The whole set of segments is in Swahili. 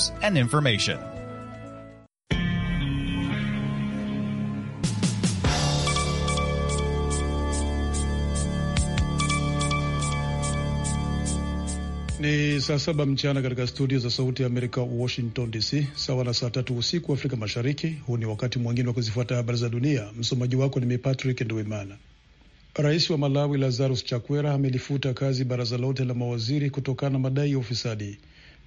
news and information. Ni saa saba mchana katika studio za Sauti ya Amerika, Washington DC, sawa na saa tatu usiku Afrika Mashariki. Huu ni wakati mwingine wa kuzifuata habari za dunia. Msomaji wako ni mimi Patrick Rais wa Malawi Lazarus Chakwera amelifuta kazi baraza lote la mawaziri kutokana na madai ya ufisadi.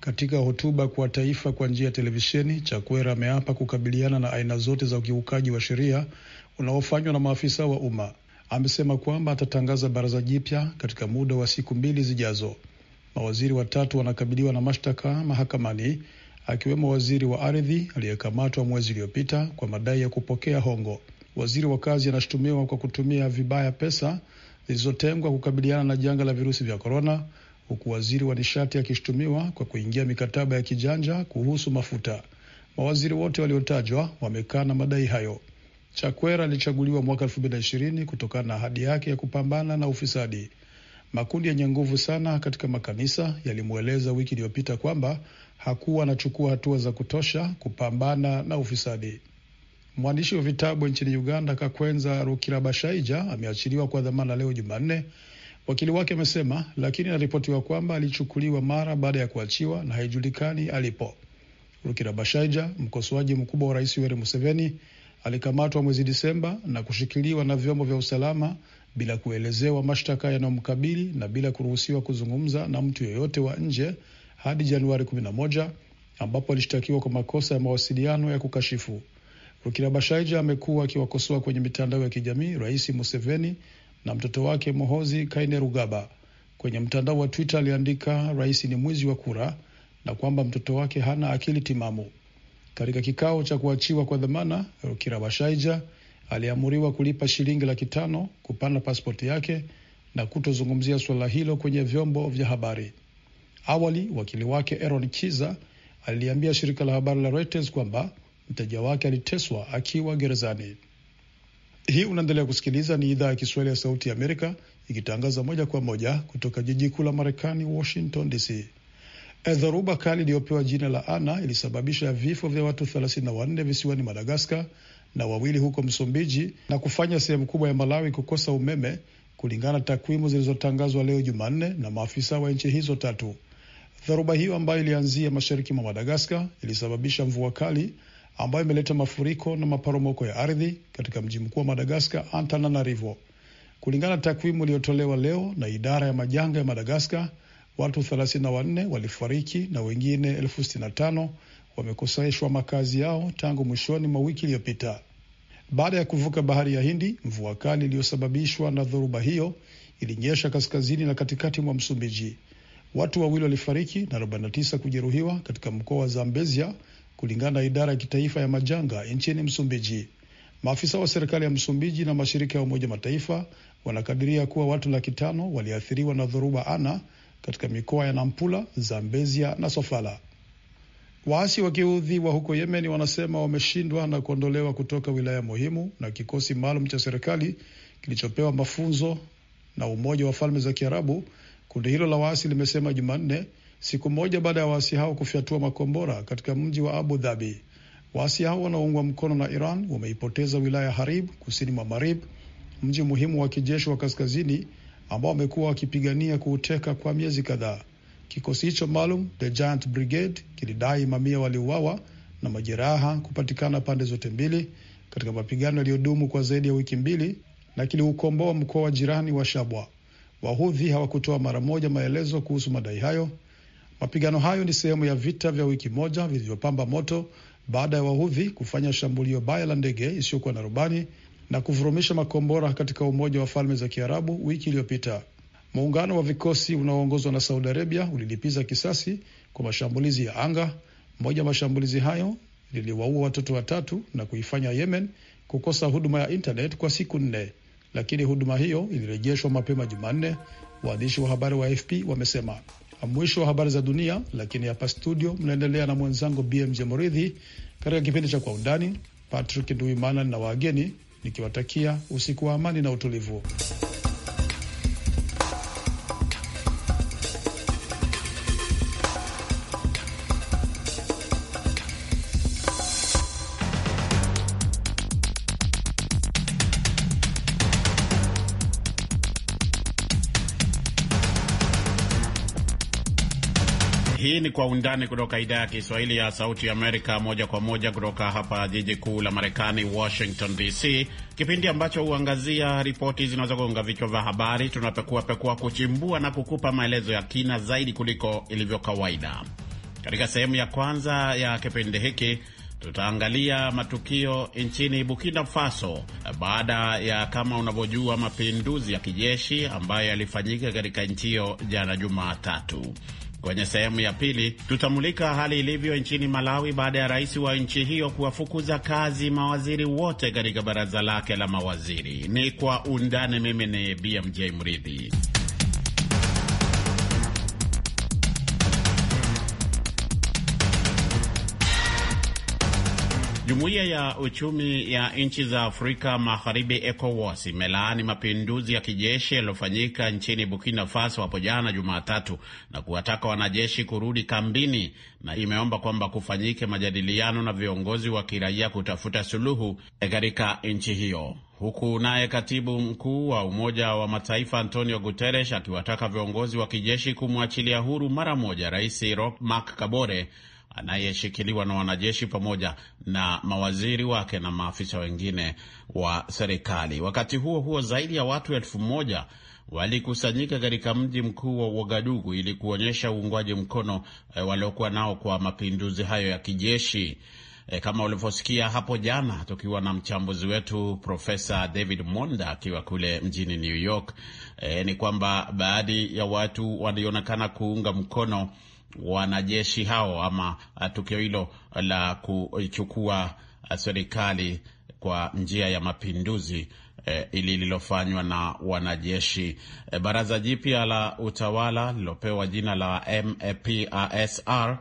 Katika hotuba kwa taifa kwa njia ya televisheni, Chakwera ameapa kukabiliana na aina zote za ukiukaji wa sheria unaofanywa na maafisa wa umma. Amesema kwamba atatangaza baraza jipya katika muda wa siku mbili zijazo. Mawaziri watatu wanakabiliwa na mashtaka mahakamani, akiwemo waziri wa ardhi aliyekamatwa mwezi uliopita kwa madai ya kupokea hongo. Waziri wa kazi anashutumiwa kwa kutumia vibaya pesa zilizotengwa kukabiliana na janga la virusi vya korona huku waziri wa nishati akishutumiwa kwa kuingia mikataba ya kijanja kuhusu mafuta. Mawaziri wote waliotajwa wamekaa na madai hayo. Chakwera alichaguliwa mwaka elfu mbili na ishirini kutokana na ahadi yake ya kupambana na ufisadi. Makundi yenye nguvu sana katika makanisa yalimweleza wiki iliyopita kwamba hakuwa anachukua hatua za kutosha kupambana na ufisadi. Mwandishi wa vitabu nchini Uganda Kakwenza Rukirabashaija ameachiliwa kwa dhamana leo Jumanne Wakili wake amesema, lakini anaripotiwa kwamba alichukuliwa mara baada ya kuachiwa na haijulikani alipo. Rukirabashaija, mkosoaji mkubwa wa rais Yoweri Museveni, alikamatwa mwezi Disemba na kushikiliwa na vyombo vya usalama bila kuelezewa mashtaka yanayomkabili na bila kuruhusiwa kuzungumza na mtu yeyote wa nje hadi Januari 11 ambapo alishtakiwa kwa makosa ya mawasiliano ya kukashifu. Rukirabashaija amekuwa akiwakosoa kwenye mitandao ya kijamii Rais Museveni na mtoto wake Mohozi Kainerugaba. Kwenye mtandao wa Twitter aliandika rais ni mwizi wa kura na kwamba mtoto wake hana akili timamu. Katika kikao cha kuachiwa kwa dhamana, bashaija aliamuriwa kulipa shilingi laki tano kupanda pasipoti yake na kutozungumzia suala hilo kwenye vyombo vya habari. Awali wakili wake Aaron Kiza aliliambia shirika la habari la Reuters kwamba mteja wake aliteswa akiwa gerezani. Hii unaendelea kusikiliza, ni idhaa ya Kiswahili ya Sauti ya Amerika ikitangaza moja kwa moja kutoka jiji kuu la Marekani, Washington DC. Eh, dhoruba kali iliyopewa jina la Ana ilisababisha vifo vya watu 34 visiwani Madagaskar na wawili huko Msumbiji na kufanya sehemu kubwa ya Malawi kukosa umeme kulingana na takwimu zilizotangazwa leo Jumanne na maafisa wa nchi hizo tatu. Dharuba hiyo ambayo ilianzia mashariki mwa Madagaskar ilisababisha mvua kali ambayo imeleta mafuriko na maporomoko ya ardhi katika mji mkuu wa Madagaskar, Antananarivo. Kulingana na takwimu iliyotolewa leo na idara ya majanga ya Madagaskar, watu 34 walifariki na wengine 65 wamekoseshwa makazi yao tangu mwishoni mwa wiki iliyopita. Baada ya kuvuka bahari ya Hindi, mvua kali iliyosababishwa na dhoruba hiyo ilinyesha kaskazini na katikati mwa Msumbiji. Watu wawili walifariki na 49 kujeruhiwa katika mkoa wa Zambezia kulingana na idara ya kitaifa ya majanga nchini Msumbiji. Maafisa wa serikali ya Msumbiji na mashirika ya Umoja Mataifa wanakadiria kuwa watu laki tano waliathiriwa na dhoruba Ana katika mikoa ya Nampula, Zambezia na Sofala. Waasi wa kiudhi wa huko Yemen wanasema wameshindwa na kuondolewa kutoka wilaya muhimu na kikosi maalum cha serikali kilichopewa mafunzo na Umoja wa Falme za Kiarabu. Kundi hilo la waasi limesema Jumanne siku moja baada ya waasi hao kufyatua makombora katika mji wa Abu Dhabi. Waasi hao wanaoungwa mkono na Iran wameipoteza wilaya Harib kusini mwa Marib, mji muhimu wa kijeshi wa kaskazini ambao wamekuwa wakipigania kuuteka kwa miezi kadhaa. Kikosi hicho maalum The Giant Brigade kilidai mamia waliuawa na majeraha kupatikana pande zote mbili katika mapigano yaliyodumu kwa zaidi ya wiki mbili na kiliukomboa mkoa wa jirani wa Shabwa. Wahudhi hawakutoa mara moja maelezo kuhusu madai hayo Mapigano hayo ni sehemu ya vita vya wiki moja vilivyopamba moto baada ya wahudhi kufanya shambulio baya la ndege isiyokuwa na rubani na kuvurumisha makombora katika Umoja wa Falme za Kiarabu wiki iliyopita. Muungano wa vikosi unaoongozwa na Saudi Arabia ulilipiza kisasi kwa mashambulizi ya anga. Moja ya mashambulizi hayo liliwaua watoto watatu na kuifanya Yemen kukosa huduma ya intanet kwa siku nne, lakini huduma hiyo ilirejeshwa mapema Jumanne, waandishi wa habari wa AFP wamesema. Mwisho wa habari za dunia, lakini hapa studio mnaendelea na mwenzangu BMJ Moridhi katika kipindi cha Kwa Undani. Patrick Nduimana na wageni nikiwatakia usiku wa amani na utulivu. Hii ni Kwa Undani kutoka idhaa ya Kiswahili ya Sauti Amerika, moja kwa moja kutoka hapa jiji kuu la Marekani, Washington DC, kipindi ambacho huangazia ripoti zinazogonga vichwa vya habari. Tunapekuapekua, kuchimbua na kukupa maelezo ya kina zaidi kuliko ilivyo kawaida. Katika sehemu ya kwanza ya kipindi hiki tutaangalia matukio nchini Burkina Faso baada ya kama unavyojua mapinduzi ya kijeshi ambayo yalifanyika katika nchi hiyo jana Jumatatu. Kwenye sehemu ya pili tutamulika hali ilivyo nchini Malawi baada ya rais wa nchi hiyo kuwafukuza kazi mawaziri wote katika baraza lake la mawaziri. Ni kwa undani. Mimi ni BMJ Mridhi. Jumuiya ya uchumi ya nchi za Afrika Magharibi, ECOWAS, imelaani mapinduzi ya kijeshi yaliyofanyika nchini Burkina Faso hapo jana Jumatatu na kuwataka wanajeshi kurudi kambini, na imeomba kwamba kufanyike majadiliano na viongozi wa kiraia kutafuta suluhu katika nchi hiyo, huku naye katibu mkuu wa Umoja wa Mataifa Antonio Guterres akiwataka viongozi wa kijeshi kumwachilia huru mara moja Rais Roch Marc Kabore anayeshikiliwa na wanajeshi pamoja na mawaziri wake na maafisa wengine wa serikali. Wakati huo huo, zaidi ya watu elfu moja walikusanyika katika mji mkuu wa Uagadugu ili kuonyesha uungwaji mkono e, waliokuwa nao kwa mapinduzi hayo ya kijeshi. E, kama ulivyosikia hapo jana tukiwa na mchambuzi wetu Profesa David Monda akiwa kule mjini New York, e, ni kwamba baadhi ya watu walionekana kuunga mkono wanajeshi hao ama uh, tukio hilo la kuchukua uh, serikali kwa njia ya mapinduzi eh, uh, lililofanywa na wanajeshi. Eh, baraza jipya la utawala lilopewa jina la MPASR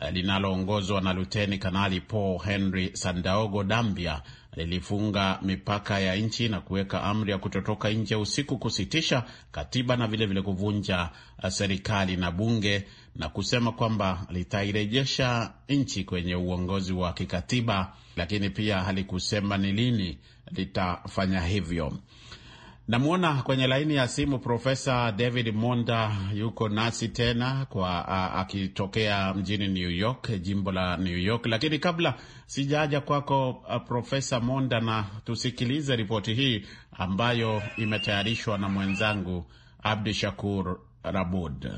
eh, linaloongozwa na Luteni Kanali Paul Henry Sandaogo Dambia lilifunga mipaka ya nchi na kuweka amri ya kutotoka nje usiku, kusitisha katiba na vilevile vile kuvunja serikali na bunge na kusema kwamba litairejesha nchi kwenye uongozi wa kikatiba, lakini pia halikusema ni lini litafanya hivyo. Namwona kwenye laini ya simu Profesa David Monda yuko nasi tena kwa akitokea mjini New York, jimbo la New York. Lakini kabla sijaja kwako Profesa Monda, na tusikilize ripoti hii ambayo imetayarishwa na mwenzangu Abdu Shakur Rabud.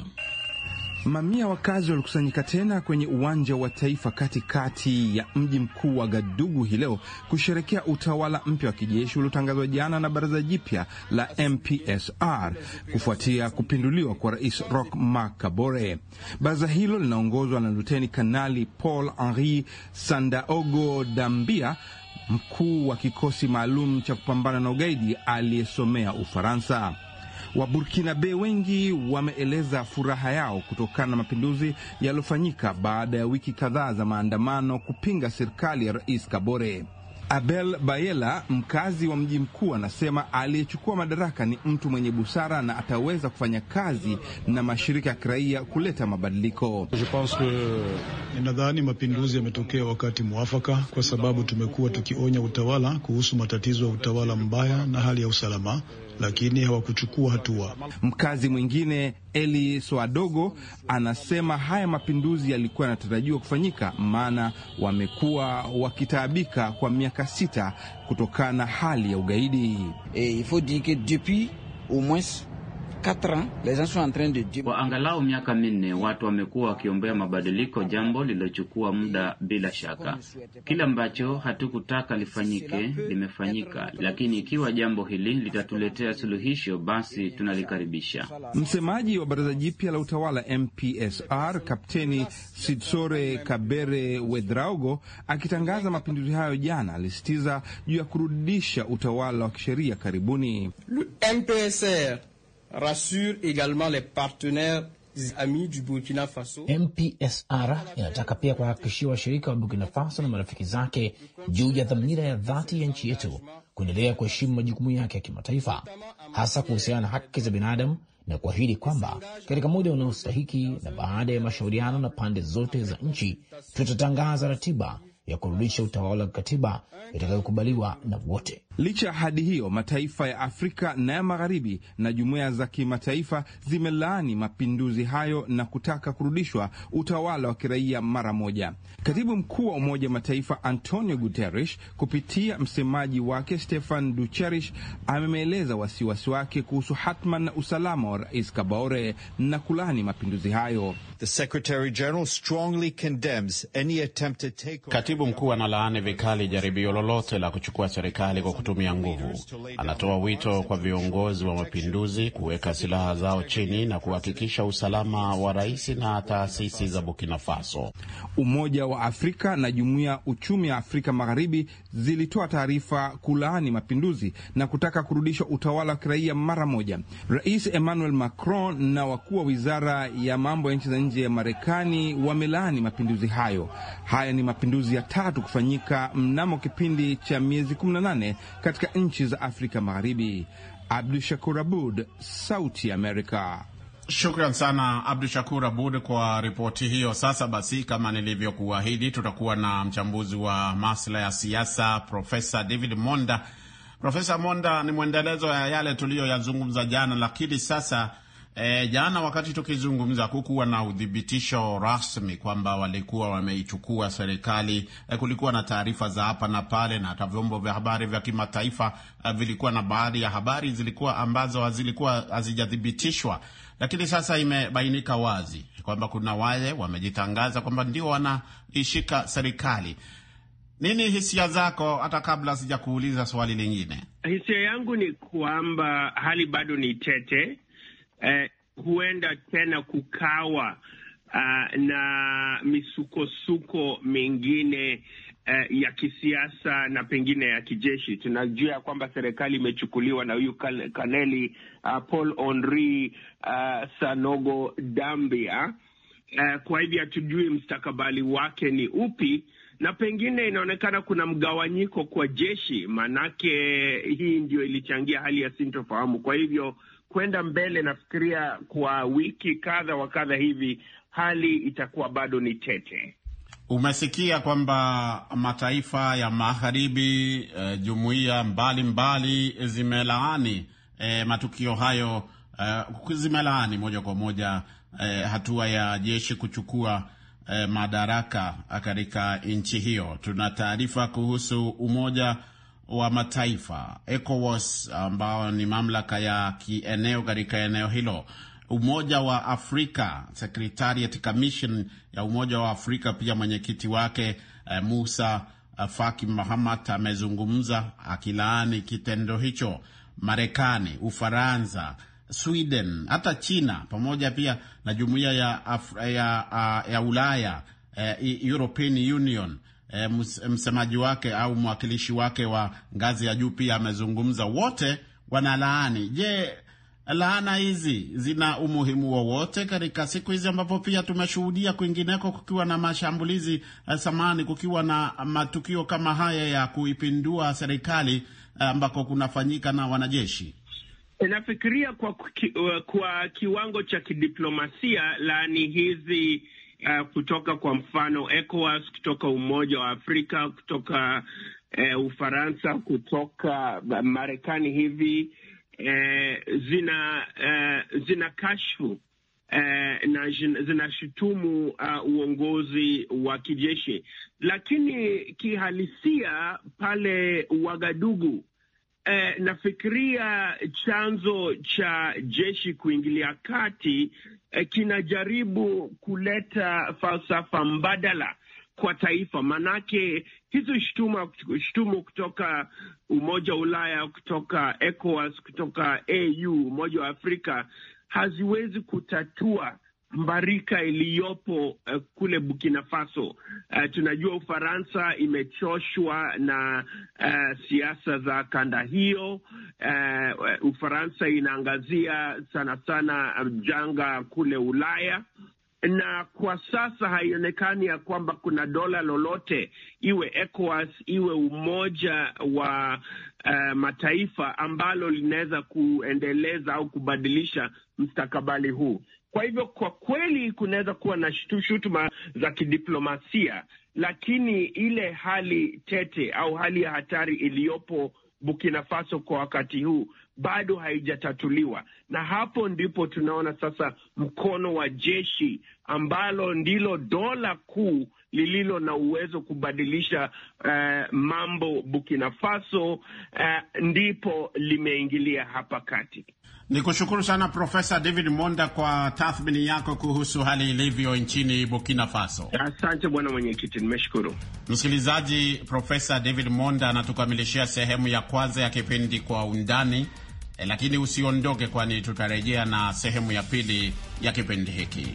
Mamia wakazi walikusanyika tena kwenye uwanja wa taifa katikati ya mji mkuu wa Gadugu hii leo kusherekea utawala mpya wa kijeshi uliotangazwa jana na baraza jipya la MPSR kufuatia kupinduliwa kwa rais Roch Marc Kabore. Baraza hilo linaongozwa na luteni kanali Paul Henri Sandaogo Dambia, mkuu wa kikosi maalum cha kupambana na ugaidi aliyesomea Ufaransa. Waburkinabe wengi wameeleza furaha yao kutokana na mapinduzi yaliyofanyika baada ya wiki kadhaa za maandamano kupinga serikali ya Rais Kabore. Abel Bayela, mkazi wa mji mkuu, anasema aliyechukua madaraka ni mtu mwenye busara na ataweza kufanya kazi na mashirika ya kiraia kuleta mabadiliko. Ninadhani mapinduzi yametokea wakati mwafaka, kwa sababu tumekuwa tukionya utawala kuhusu matatizo ya utawala mbaya na hali ya usalama lakini hawakuchukua hatua. Mkazi mwingine Eli Swadogo anasema haya mapinduzi yalikuwa yanatarajiwa kufanyika, maana wamekuwa wakitaabika kwa miaka sita kutokana na hali ya ugaidi. E, il faut dire que depuis au moins kwa angalau miaka minne watu wamekuwa wakiombea mabadiliko, jambo lililochukua muda. Bila shaka, kile ambacho hatukutaka lifanyike limefanyika, lakini ikiwa jambo hili litatuletea suluhisho, basi tunalikaribisha. Msemaji wa baraza jipya la utawala MPSR Kapteni Sitsore Kabere Wedraogo akitangaza mapinduzi hayo jana, alisitiza juu ya kurudisha utawala wa kisheria karibuni. MPSR rassure également les partenaires amis du Burkina Faso. MPSR inataka pia kuhakikishia washirika wa Burkina Faso na marafiki zake juu ya dhamira ya dhati ya nchi yetu kuendelea kuheshimu majukumu yake ya kimataifa, hasa kuhusiana na haki za binadamu na kuahidi kwamba katika muda unaostahiki na baada ya mashauriano na pande zote za nchi, tutatangaza ratiba ya kurudisha utawala wa kikatiba itakayokubaliwa na wote. Licha ya ahadi hiyo, mataifa ya Afrika na ya Magharibi na jumuiya za kimataifa zimelaani mapinduzi hayo na kutaka kurudishwa utawala wa kiraia mara moja. Katibu mkuu wa Umoja wa Mataifa Antonio Guterres kupitia msemaji wake Stefan Ducherish ameeleza wasiwasi wake kuhusu hatma na usalama wa Rais Kabaore na kulaani mapinduzi hayo. The Secretary General strongly condemns any attempt to take... Katibu mkuu analaani vikali jaribio lolote la kuchukua serikali kwa kutumia nguvu. Anatoa wito kwa viongozi wa mapinduzi kuweka silaha zao chini na kuhakikisha usalama wa rais na taasisi za Burkina Faso. Umoja wa Afrika na Jumuiya Uchumi ya Afrika Magharibi zilitoa taarifa kulaani mapinduzi na kutaka kurudisha utawala wa kiraia mara moja. Rais Emmanuel Macron na wakuu wa wizara ya mambo ya nchi za nje ya Marekani wamelaani mapinduzi hayo. Haya ni mapinduzi ya tatu kufanyika mnamo kipindi cha miezi 18 katika nchi za Afrika Magharibi. Abdu Shakur Abud, Sauti Amerika. Shukran sana Abdu Shakur Abud kwa ripoti hiyo. Sasa basi, kama nilivyokuahidi, tutakuwa na mchambuzi wa masuala ya siasa Profesa David Monda. Profesa Monda, ni mwendelezo ya yale tuliyoyazungumza jana, lakini sasa E, jana wakati tukizungumza kukuwa na udhibitisho rasmi kwamba walikuwa wameichukua serikali. E, kulikuwa na taarifa za hapa na pale na hata vyombo vya habari vya kimataifa e, vilikuwa na baadhi ya habari zilikuwa ambazo zilikuwa hazijathibitishwa, lakini sasa imebainika wazi kwamba kuna wale wamejitangaza kwamba ndio wanaishika serikali. Nini hisia zako, hata kabla sijakuuliza swali lingine? Hisia yangu ni kwamba hali bado ni tete eh, huenda tena kukawa uh, na misukosuko mingine uh, ya kisiasa na pengine ya kijeshi. Tunajua ya kwamba serikali imechukuliwa na huyu kaneli uh, Paul Henri uh, Sanogo Dambia uh, kwa hivyo hatujui mstakabali wake ni upi na pengine inaonekana kuna mgawanyiko kwa jeshi, maanake hii ndio ilichangia hali ya sintofahamu. Kwa hivyo kwenda mbele, nafikiria kwa wiki kadha wa kadha hivi hali itakuwa bado ni tete. Umesikia kwamba mataifa ya magharibi e, jumuiya mbalimbali zimelaani e, matukio hayo e, zimelaani moja kwa moja e, hatua ya jeshi kuchukua e, madaraka katika nchi hiyo. Tuna taarifa kuhusu Umoja wa Mataifa, ECOWAS, ambao ni mamlaka ya kieneo katika eneo hilo, Umoja wa Afrika, Secretariat Commission ya Umoja wa Afrika, pia mwenyekiti wake eh, Musa eh, Faki Mahamat amezungumza akilaani kitendo hicho. Marekani, Ufaransa, Sweden, hata China pamoja pia na jumuiya ya, ya, ya, ah, ya Ulaya eh, European Union e, msemaji wake au mwakilishi wake wa ngazi ya juu pia amezungumza, wote wanalaani. Je, laana hizi zina umuhimu wowote katika siku hizi ambapo pia tumeshuhudia kwingineko kukiwa na mashambulizi eh, samani, kukiwa na matukio kama haya ya kuipindua serikali ambako kunafanyika na wanajeshi? Nafikiria kwa, kwa kiwango cha kidiplomasia laani hizi uh, kutoka kwa mfano ECOWAS, kutoka Umoja wa Afrika, kutoka uh, Ufaransa, kutoka eh, Marekani hivi uh, zina uh, zina kashfu Uh, na zinashutumu uh, uongozi wa kijeshi, lakini kihalisia pale Wagadugu eh, nafikiria chanzo cha jeshi kuingilia kati eh, kinajaribu kuleta falsafa mbadala kwa taifa manake hizo shutuma shtumu kutoka Umoja wa Ulaya, kutoka ECOWAS, kutoka AU, Umoja wa Afrika haziwezi kutatua mbarika iliyopo uh, kule Burkina Faso. Uh, tunajua Ufaransa imechoshwa na uh, siasa za kanda hiyo. Uh, Ufaransa inaangazia sana sana janga kule Ulaya na kwa sasa haionekani ya kwamba kuna dola lolote iwe ECOWAS iwe Umoja wa uh, Mataifa ambalo linaweza kuendeleza au kubadilisha mstakabali huu. Kwa hivyo kwa kweli kunaweza kuwa na shutuma za kidiplomasia, lakini ile hali tete au hali ya hatari iliyopo Burkina Faso kwa wakati huu bado haijatatuliwa, na hapo ndipo tunaona sasa mkono wa jeshi ambalo ndilo dola kuu lililo na uwezo kubadilisha uh, mambo Burkina Faso uh, ndipo limeingilia hapa kati. Ni kushukuru sana Profesa David Monda kwa tathmini yako kuhusu hali ilivyo nchini Burkina Faso. Asante bwana mwenyekiti, nimeshukuru msikilizaji. Profesa David Monda anatukamilishia sehemu ya kwanza ya kipindi Kwa Undani, eh, lakini usiondoke, kwani tutarejea na sehemu ya pili ya kipindi hiki.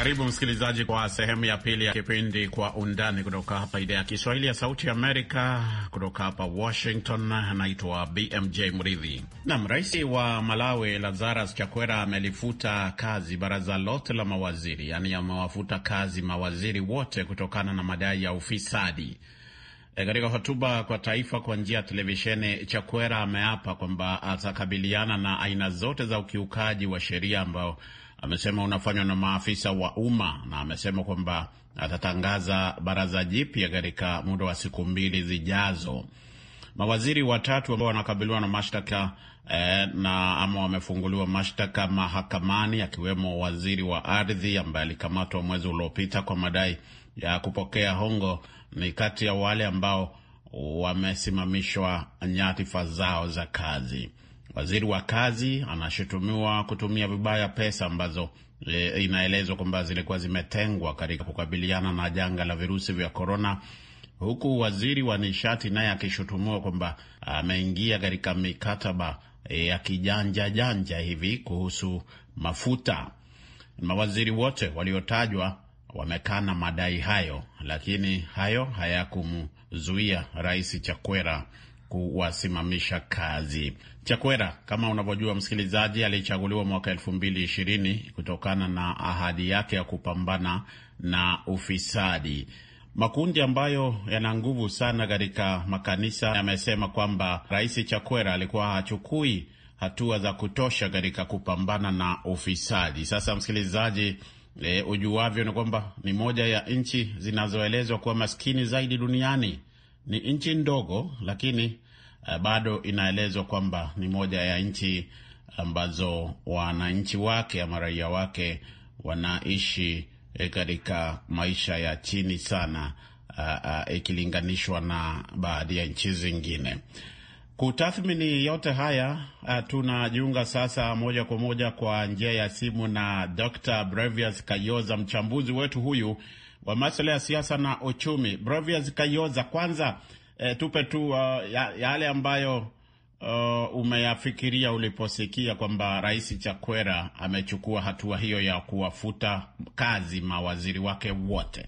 Karibu msikilizaji, kwa sehemu ya pili ya kipindi Kwa Undani kutoka hapa idhaa ya Kiswahili ya Sauti ya Amerika, kutoka hapa Washington. Anaitwa BMJ Mridhi. Nam, rais wa Malawi Lazarus Chakwera amelifuta kazi baraza lote la mawaziri, yaani amewafuta kazi mawaziri wote kutokana na madai ya ufisadi. E, katika hotuba kwa taifa kwa njia ya televisheni, Chakwera ameapa kwamba atakabiliana na aina zote za ukiukaji wa sheria ambao amesema unafanywa na maafisa wa umma na amesema kwamba atatangaza baraza jipya katika muda wa siku mbili zijazo. Mawaziri watatu ambao wanakabiliwa na mashtaka eh, na ama wamefunguliwa mashtaka mahakamani, akiwemo waziri wa ardhi ambaye alikamatwa mwezi uliopita kwa madai ya kupokea hongo, ni kati ya wale ambao wamesimamishwa nyadhifa zao za kazi. Waziri wa kazi anashutumiwa kutumia vibaya pesa ambazo e, inaelezwa kwamba zilikuwa zimetengwa katika kukabiliana na janga la virusi vya korona, huku waziri wa nishati naye akishutumiwa kwamba ameingia katika mikataba e, ya kijanja janja hivi kuhusu mafuta. Mawaziri wote waliotajwa wamekana madai hayo, lakini hayo hayakumzuia Rais Chakwera kuwasimamisha kazi. Chakwera, kama unavyojua msikilizaji, alichaguliwa mwaka elfu mbili ishirini kutokana na ahadi yake ya kupambana na ufisadi. Makundi ambayo yana nguvu sana katika makanisa yamesema kwamba Rais Chakwera alikuwa hachukui hatua za kutosha katika kupambana na ufisadi. Sasa msikilizaji, e, ujuavyo ni kwamba ni moja ya nchi zinazoelezwa kuwa maskini zaidi duniani ni nchi ndogo, lakini uh, bado inaelezwa kwamba ni moja ya nchi ambazo wananchi wake ama raia wake wanaishi eh, katika maisha ya chini sana eh, ikilinganishwa uh, uh, na baadhi ya nchi zingine. Kutathmini yote haya uh, tunajiunga sasa moja kwa moja kwa njia ya simu na Dr. Brevius Kayoza, mchambuzi wetu huyu wa masuala ya siasa na uchumi. Brevias Kayoza, kwanza e, tupe tu uh, yale ya ambayo uh, umeyafikiria uliposikia kwamba Rais Chakwera amechukua hatua hiyo ya kuwafuta kazi mawaziri wake wote.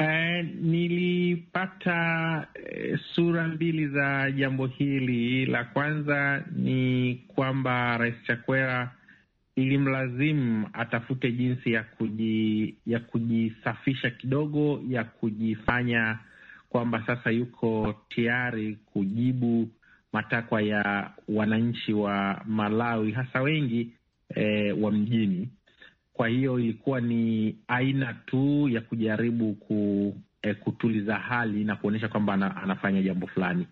Uh, nilipata uh, sura mbili za jambo hili. La kwanza ni kwamba Rais Chakwera ilimlazimu atafute jinsi ya kuji, ya kujisafisha kidogo, ya kujifanya kwamba sasa yuko tayari kujibu matakwa ya wananchi wa Malawi hasa wengi e, wa mjini. Kwa hiyo ilikuwa ni aina tu ya kujaribu ku, e, kutuliza hali na kuonyesha kwamba anafanya jambo fulani.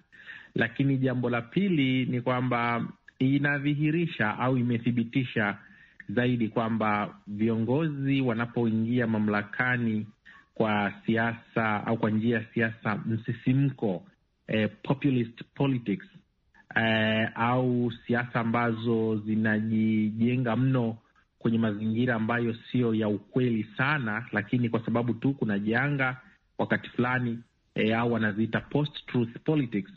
Lakini jambo la pili ni kwamba inadhihirisha au imethibitisha zaidi kwamba viongozi wanapoingia mamlakani kwa siasa au kwa njia ya siasa msisimko, eh, populist politics, eh, au siasa ambazo zinajijenga mno kwenye mazingira ambayo siyo ya ukweli sana, lakini kwa sababu tu kuna janga wakati fulani eh, au wanaziita post-truth politics.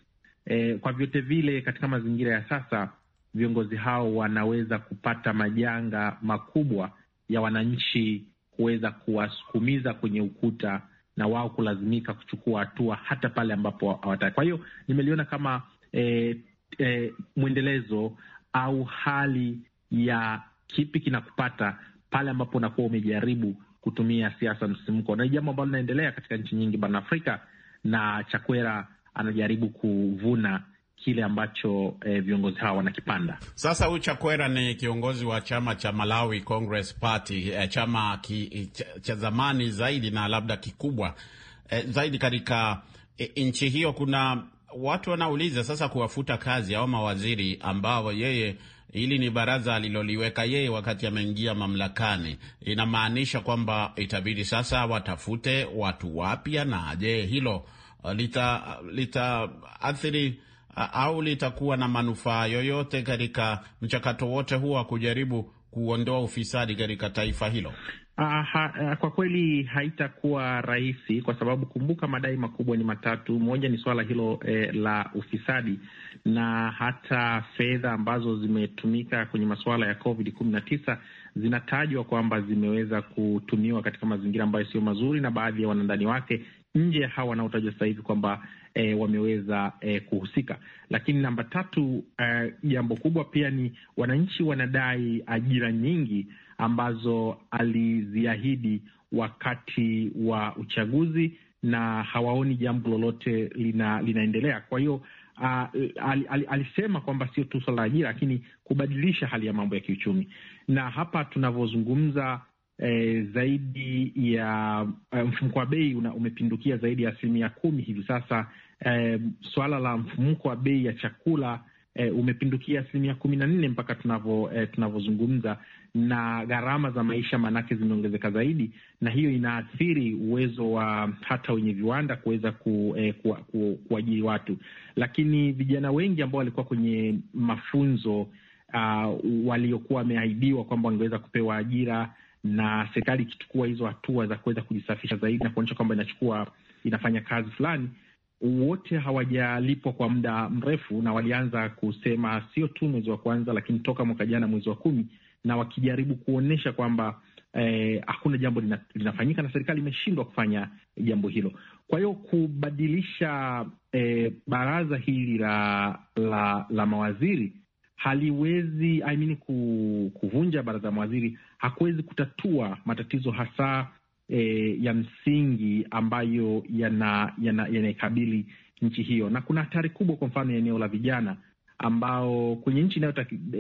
Eh, kwa vyote vile katika mazingira ya sasa viongozi hao wanaweza kupata majanga makubwa ya wananchi kuweza kuwasukumiza kwenye ukuta na wao kulazimika kuchukua hatua hata pale ambapo hawataki. Kwa hiyo nimeliona kama eh, eh, mwendelezo au hali ya kipi kinakupata pale ambapo unakuwa umejaribu kutumia siasa msisimko, na ni jambo ambalo linaendelea katika nchi nyingi barani Afrika, na Chakwera anajaribu kuvuna kile ambacho eh, viongozi hawa wanakipanda. Sasa huyu Chakwera ni kiongozi wa chama cha Malawi Congress Party, eh, chama ki, ch cha zamani zaidi na labda kikubwa eh, zaidi katika eh, nchi hiyo. Kuna watu wanauliza sasa kuwafuta kazi au mawaziri ambao yeye hili ni baraza aliloliweka yeye wakati ameingia mamlakani. Inamaanisha kwamba itabidi sasa watafute watu wapya, na je, hilo litaathiri eh, lita au litakuwa na manufaa yoyote katika mchakato wote huo wa kujaribu kuondoa ufisadi katika taifa hilo? Aha, kwa kweli haitakuwa rahisi kwa sababu kumbuka, madai makubwa ni matatu. Moja ni suala hilo eh, la ufisadi na hata fedha ambazo zimetumika kwenye masuala ya Covid kumi na tisa zinatajwa kwamba zimeweza kutumiwa katika mazingira ambayo sio mazuri, na baadhi ya wanandani wake nje ya hawa wanaotajwa sasa hivi kwamba e, wameweza e, kuhusika. Lakini namba tatu, eh, jambo e, kubwa pia ni wananchi wanadai ajira nyingi ambazo aliziahidi wakati wa uchaguzi na hawaoni jambo lolote lina, linaendelea. Kwa hiyo Uh, ah, al, al, alisema kwamba sio tu swala la ajira lakini kubadilisha hali ya mambo ya kiuchumi, na hapa tunavyozungumza e, zaidi ya eh, mfumko wa bei umepindukia zaidi ya asilimia kumi hivi sasa. E, eh, suala la mfumuko wa bei ya chakula e, umepindukia asilimia kumi na nne mpaka tunavyo e, tunavyozungumza, na gharama za maisha maanake zimeongezeka zaidi, na hiyo inaathiri uwezo wa hata wenye viwanda kuweza e, ku, ku, ku, kuajiri watu, lakini vijana wengi ambao walikuwa kwenye mafunzo Uh, waliokuwa wameahidiwa kwamba wangeweza kupewa ajira na serikali ikichukua hizo hatua za kuweza kujisafisha zaidi na kuonyesha kwamba inachukua inafanya kazi fulani. Wote hawajalipwa kwa muda mrefu, na walianza kusema sio tu mwezi wa kwanza, lakini toka mwaka jana mwezi wa kumi, na wakijaribu kuonyesha kwamba eh, hakuna eh, jambo lina, linafanyika na serikali imeshindwa kufanya jambo hilo. Kwa hiyo kubadilisha eh, baraza hili la, la, la mawaziri haliwezi I mean, kuvunja baraza mawaziri hakuwezi kutatua matatizo hasa e, ya msingi ambayo yanaikabili yana, yana nchi hiyo, na kuna hatari kubwa, kwa mfano ya eneo la vijana ambao kwenye nchi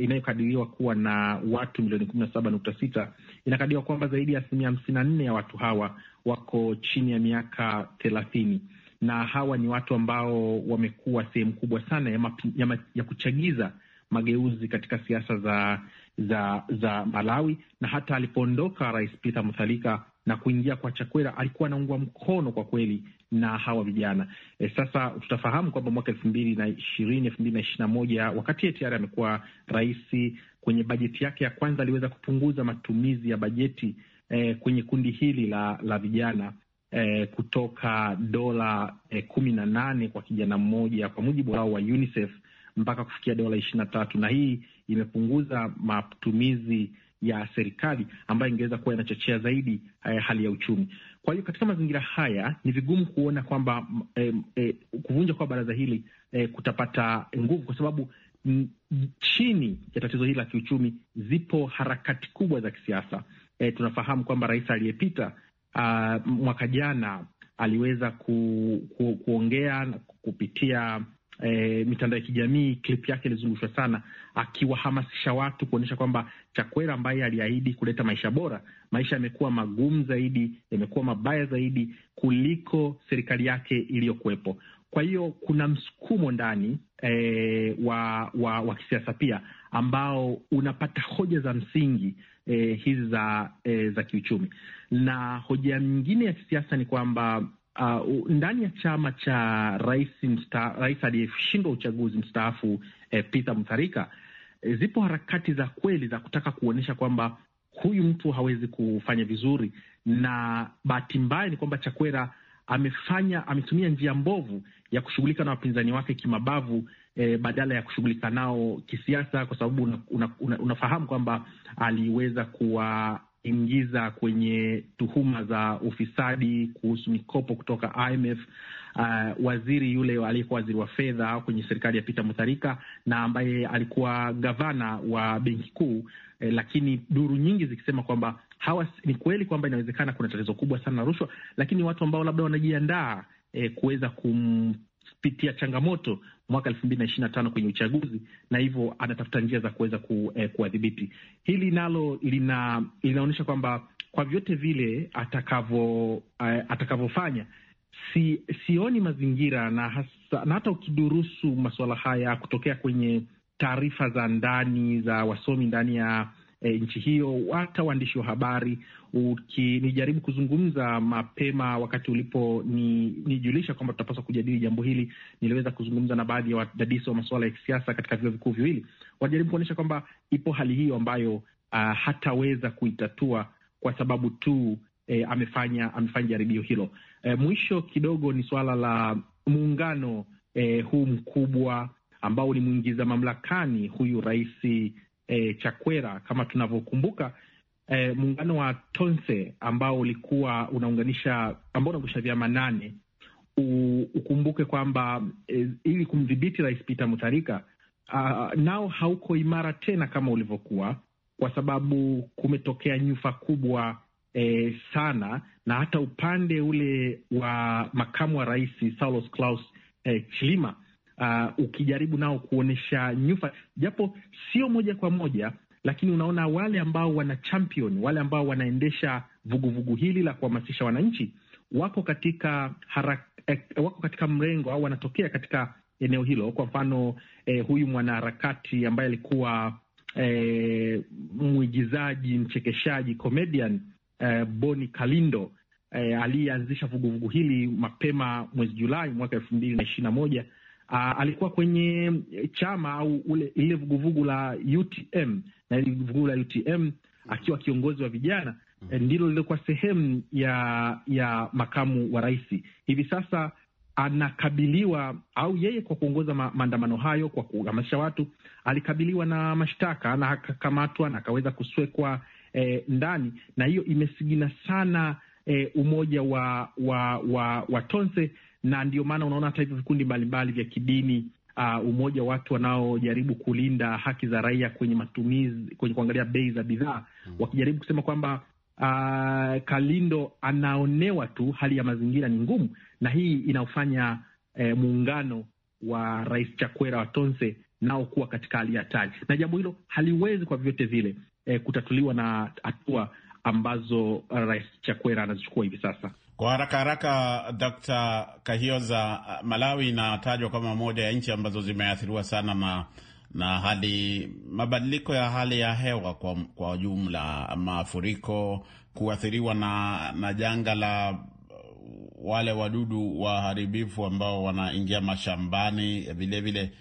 inayokadiriwa kuwa na watu milioni kumi na saba nukta sita inakadiriwa kwamba zaidi ya asilimia hamsini na nne ya watu hawa wako chini ya miaka thelathini na hawa ni watu ambao wamekuwa sehemu kubwa sana ya, mapi, ya, ma, ya kuchagiza mageuzi katika siasa za za za Malawi, na hata alipoondoka Rais Peter Mutharika na kuingia kwa Chakwera alikuwa anaungwa mkono kwa kweli na hawa vijana e. Sasa tutafahamu kwamba mwaka elfu mbili na ishirini elfu mbili na ishirini na moja wakati yeye tayari amekuwa rais, kwenye bajeti yake ya kwanza aliweza kupunguza matumizi ya bajeti e, kwenye kundi hili la la vijana e, kutoka dola e, kumi na nane kwa kijana mmoja, kwa mujibu wao wa UNICEF mpaka kufikia dola ishirini na tatu na hii imepunguza matumizi ya serikali ambayo ingeweza kuwa inachochea zaidi eh, hali ya uchumi. Kwa hiyo katika mazingira haya ni vigumu kuona kwamba eh, eh, kuvunja kwa baraza hili eh, kutapata nguvu kwa sababu chini ya tatizo hili la kiuchumi zipo harakati kubwa za kisiasa. E, tunafahamu kwamba rais aliyepita ah, mwaka jana aliweza ku, ku, kuongea kupitia e, mitandao ya kijamii, klip yake ilizungushwa sana, akiwahamasisha watu kuonyesha kwamba Chakwera ambaye aliahidi kuleta maisha bora, maisha yamekuwa magumu zaidi, yamekuwa mabaya zaidi kuliko serikali yake iliyokuwepo. Kwa hiyo kuna msukumo ndani e, wa, wa, wa kisiasa pia ambao unapata hoja za msingi e, hizi za e, za kiuchumi na hoja nyingine ya kisiasa ni kwamba uh, ndani ya chama cha rais rais aliyeshindwa uchaguzi mstaafu eh, Peter Mutharika eh, zipo harakati za kweli za kutaka kuonyesha kwamba huyu mtu hawezi kufanya vizuri, na bahati mbaya ni kwamba Chakwera amefanya ametumia njia mbovu ya kushughulika na wapinzani wake kimabavu eh, badala ya kushughulika nao kisiasa, kwa sababu una, una, una, unafahamu kwamba aliweza kuwa ingiza kwenye tuhuma za ufisadi kuhusu mikopo kutoka IMF. Uh, waziri yule aliyekuwa waziri wa fedha kwenye serikali ya Peter Mutharika na ambaye alikuwa gavana wa benki kuu eh, lakini duru nyingi zikisema kwamba hawa ni kweli kwamba inawezekana kuna tatizo kubwa sana la rushwa, lakini watu ambao labda wanajiandaa eh, kuweza kum pitia changamoto mwaka elfu mbili na ishirini na tano kwenye uchaguzi, na hivyo anatafuta njia za kuweza ku, eh, kuwadhibiti. Hili nalo lina, linaonyesha kwamba kwa vyote vile atakavyo eh, atakavyofanya si, sioni mazingira na, hasa, na hata ukidurusu masuala haya kutokea kwenye taarifa za ndani za wasomi ndani ya e, nchi hiyo. Hata waandishi wa habari, ukinijaribu kuzungumza mapema wakati uliponijulisha ni kwamba tutapaswa kujadili jambo hili, niliweza kuzungumza na baadhi ya wadadisi wa masuala ya kisiasa katika vyuo vikuu viwili, wanajaribu kuonyesha kwamba ipo hali hiyo ambayo Uh, hataweza kuitatua kwa sababu tu E, amefanya amefanya jaribio hilo. E, mwisho kidogo ni suala la muungano e, huu mkubwa ambao ulimwingiza mamlakani huyu rais e, Chakwera kama tunavyokumbuka e, muungano wa Tonse ambao ulikuwa unaunganisha ambao unaunganisha vyama nane u, ukumbuke kwamba e, ili kumdhibiti Rais Peter Mutharika Uh, nao hauko imara tena kama ulivyokuwa, kwa sababu kumetokea nyufa kubwa e, sana, na hata upande ule wa makamu wa rais Saulos Klaus e, Chilima uh, ukijaribu nao kuonyesha nyufa, japo sio moja kwa moja, lakini unaona wale ambao wana champion, wale ambao wanaendesha vuguvugu vugu hili la kuhamasisha wananchi wako katika harak, eh, wako katika mrengo au wanatokea katika eneo hilo. Kwa mfano eh, huyu mwanaharakati ambaye alikuwa eh, mwigizaji mchekeshaji comedian eh, Boni Kalindo eh, aliyeanzisha vuguvugu hili mapema mwezi Julai mwaka elfu mbili na ishirini na moja Uh, alikuwa kwenye eh, chama au ule ile vuguvugu la UTM na ile vuguvugu la UTM akiwa kiongozi wa vijana eh, ndilo lilikuwa sehemu ya ya makamu wa rais. Hivi sasa anakabiliwa au yeye kwa kuongoza ma, maandamano hayo kwa kuhamasisha watu, alikabiliwa na mashtaka na akakamatwa na akaweza kuswekwa eh, ndani, na hiyo imesigina sana eh, umoja wa wa, wa wa Tonse, na ndio maana unaona hata hivyo vikundi mbalimbali vya kidini uh, umoja wa watu wanaojaribu kulinda haki za raia kwenye matumizi, kwenye kuangalia bei za bidhaa mm, wakijaribu kusema kwamba uh, Kalindo anaonewa tu, hali ya mazingira ni ngumu, na hii inaofanya eh, muungano wa Rais Chakwera wa Tonse nao kuwa katika hali ya hatari, na jambo hilo haliwezi kwa vyote vile eh, kutatuliwa na hatua ambazo Rais Chakwera anazichukua hivi sasa. Kwa haraka haraka, Dkt. Kahioza, Malawi inatajwa kama moja ya nchi ambazo zimeathiriwa sana na na hali mabadiliko ya hali ya hewa kwa, kwa jumla, mafuriko, kuathiriwa na, na janga la wale wadudu waharibifu ambao wanaingia mashambani vilevile vile,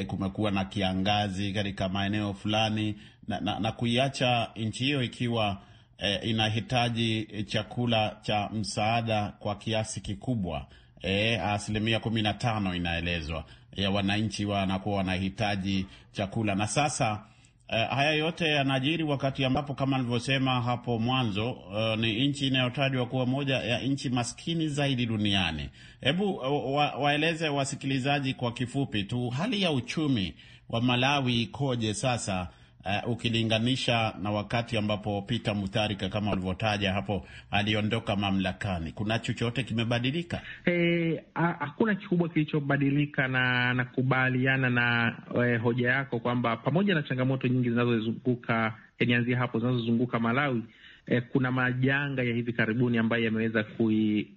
e, kumekuwa na kiangazi katika maeneo fulani na, na, na kuiacha nchi hiyo ikiwa e, inahitaji eh, chakula cha msaada kwa kiasi kikubwa e, asilimia kumi na tano inaelezwa ya wananchi wanakuwa wanahitaji chakula na sasa Uh, haya yote yanajiri wakati ambapo kama nilivyosema hapo mwanzo, uh, ni nchi inayotajwa kuwa moja ya nchi maskini zaidi duniani. Hebu wa, waeleze wasikilizaji kwa kifupi tu hali ya uchumi wa Malawi ikoje sasa uh, ukilinganisha na wakati ambapo Peter Mutharika kama walivyotaja hapo aliondoka mamlakani, kuna chochote kimebadilika? Eh, hakuna kikubwa kilichobadilika, na nakubaliana na, na eh, hoja yako kwamba pamoja na changamoto nyingi zinazozunguka eh, nianzie hapo, zinazozunguka Malawi eh, kuna majanga ya hivi karibuni ambayo yameweza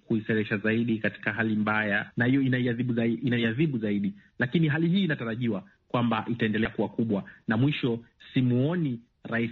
kuiseresha kui zaidi katika hali mbaya, na hiyo inaiadhibu zaidi, lakini hali hii inatarajiwa kwamba itaendelea kuwa kubwa, na mwisho simuoni Rais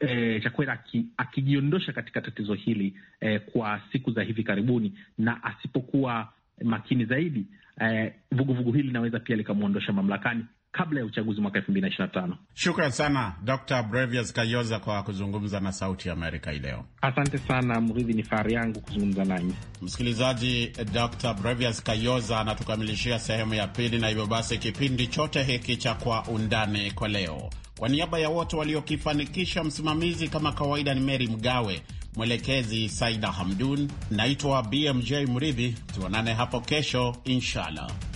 eh, Chakwera akijiondosha katika tatizo hili eh, kwa siku za hivi karibuni, na asipokuwa makini zaidi eh, vuguvugu eh, vugu hili linaweza pia likamwondosha mamlakani kabla ya uchaguzi mwaka elfu mbili na ishirini na tano. Shukran sana Dr. Brevius Kayoza kwa kuzungumza na Sauti ya Amerika hii leo. Asante sana Mridhi, ni fahari yangu kuzungumza nanyi. Msikilizaji, Dr. Brevius Kayoza anatukamilishia sehemu ya pili, na hivyo basi kipindi chote hiki cha Kwa Undani kwa leo, kwa niaba ya wote waliokifanikisha, msimamizi kama kawaida ni Meri Mgawe, mwelekezi Saida Hamdun, naitwa BMJ Mridhi. Tuonane hapo kesho inshallah.